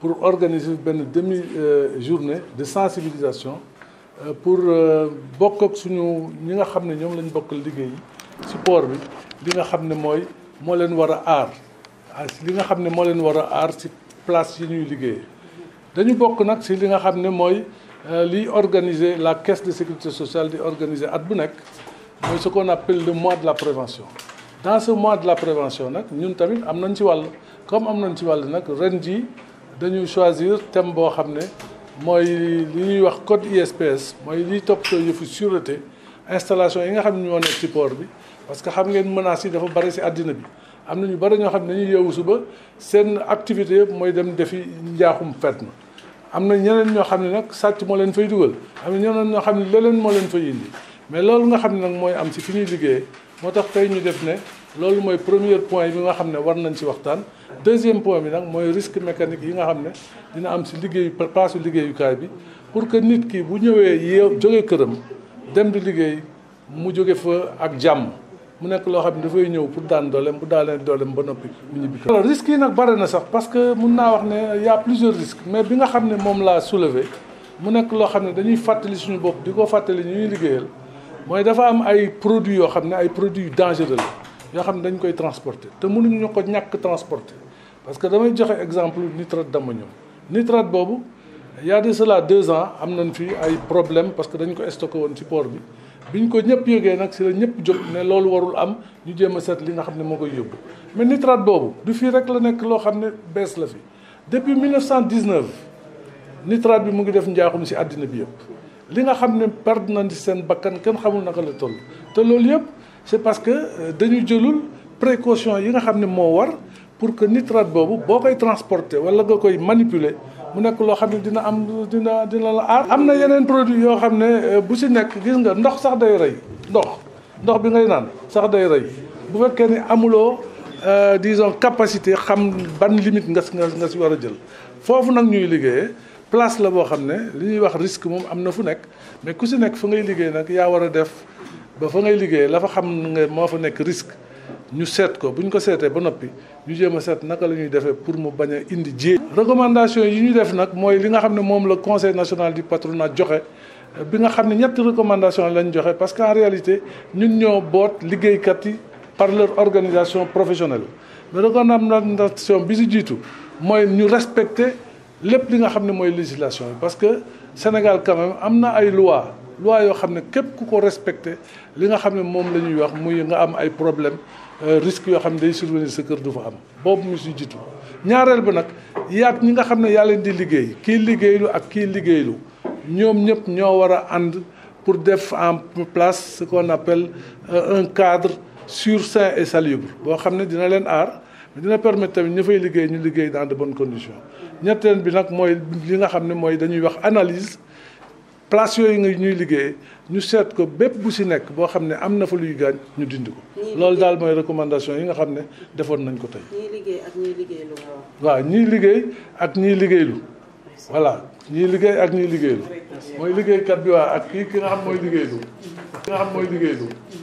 pour organiser benn demi euh, journée de sensibilisation euh, pour euh, bokk ak suñu ñi nga xam ne ñoom lañ bokkal liggéey ci port bi li nga xam ne mooy moo leen war a aar ah, li nga xam ne moo leen war a aar ci place yi ñuy liggéey dañu bokk nag ci li nga xam ne mooy liy organiser la caisse de sécurité sociale di organiser at bu nekk mooy ce qu'on appelle le mois de la prévention dans ce mois de la prévention nag ñun tamit am nañ ci wàll comme am nañ ci wàll nag ren jii dañu choisir thème boo xam ne mooy li ñuy wax code ISPS mooy liy toppatoo yëfu sûreté installation yi nga xam ne ñoo nekk ci port bi parce que xam ngeen menace yi dafa bari ci àddina bi am na ñu bari ñoo xam ne dañuy yeewu suba seen activité yëpp mooy dem defi njaaxum fet na am na ñeneen ñoo xam ne nag sàcc moo leen fay dugal am na ñeneen ñoo xam ne leneen moo leen fay indi mais loolu nga xam ne nag mooy am ci fi ñuy liggéeyee moo tax tey ñu def ne loolu mooy premier point bi nga xam ne war nañ ci waxtaan deuxième point bi nag mooy risque mécanique yi nga xam ne dina am ci liggéeyu paasu liggéeyukaay bi pour que nit ki bu ñëwee yow jóge këram dem di liggéey mu jóge fa ak jàmm mu nekk loo xam ne dafay ñëw pour daan doolem bu daaleen doolem ba noppi mu ñibbi alors risques yi nag bare na sax parce que mun naa wax ne y a plusieurs mais bi nga xam ne moom laa soulevé mu nekk loo xam ne dañuy fàttali suñu bopp di ko fàttali ñuy liggéeyal mooy dafa am ay produits yoo xam ne ay produits yu dangereux la yoo xam ne dañ koy transporter te mënuñu ko ñàkk transporte parce que damay joxe exemple nitrate d'ammonium nitrate boobu y a de cela deux ans am nañ fi ay problème parce que dañ ko stocké woon ci port bi biñ ko ñëpp yëgee nag si la ñëpp jóg ne loolu warul am ñu jéem a seet li nga xam ne moo koy yóbbu mais nitrate boobu du fii rek la nekk loo xam ne bees la fi depuis 1919 nitrate bi mu ngi def njaaxum si àddina bi yëpp. li nga xam ne perdre nañ seen bakkan kenn xamul naka la toll te loolu yëpp c'est parce que euh, dañu jëlul précaution yi nga xam ne moo war pour que nitrate boobu boo koy transporter wala nga koy manipuler mu nekk loo xam ne dina am dina dina la aar. am na yeneen produit yoo xam ne euh, bu si nekk gis nga ndox sax day rey ndox ndox bi ngay naan sax day rey bu fekkee ni amuloo euh, disons capacité xam ban limite nga si nga si war a jël foofu nag ñuy liggéeye place la boo xam ne li ñuy wax risque moom am na fu nekk mais ku si nekk fa ngay liggéey nag yaa war a def ba fa ngay liggéey la fa xam nga moo fa nekk risque ñu seet ko buñ ko seetee ba noppi ñu jéem a seet naka la ñuy defee pour mu bañ a indi jéey. recommandation yi ñu def nag mooy li nga xam ne moom la conseil national du patronat joxe bi nga xam ne ñetti recommandation lañ joxe parce que en réalité ñun ñoo boot liggéeykat yi par leur organisation professionnelle mais recommandation bi si jiitu mooy ñu respecter lépp li nga xam ne mooy législation yi parce que Sénégal quand même am na ay loi loi yoo xam ne képp ku ko respecté li nga xam ne moom la ñuy wax muy nga am ay problème euh, risque yoo xam ne day survenir sa kër du fa am boobu mu si jiitu ñaareel ba nag yaag ñi nga xam ne yaa leen di liggéey kii liggéeylu ak kii liggéeylu ñoom ñëpp ñoo war a ànd pour def en place ce qu'on appelle euh, un cadre sur sain et salubre boo xam ne dina leen aar dina permettre tamit ñu fay liggéey ñu liggéey dans de bonnes conditions ñetteel bi nag mooy li nga xam ne mooy dañuy wax analyse place yooyu nga ñuy liggéeyee ñu seet ko bépp bu si nekk boo xam ne am na fa luy gaañ ñu dindi ko. loolu daal mooy recommandation yi nga xam ne defoon nañ ko tey. ñuy liggéey ak ñiy liggéeylu waaw ñuy liggéey ak ñuy liggéeylu. voilà liggéey ak mooy liggéeykat bi waa ak kii ki nga xam mooy liggéeylu. ki nga xam mooy liggéeylu.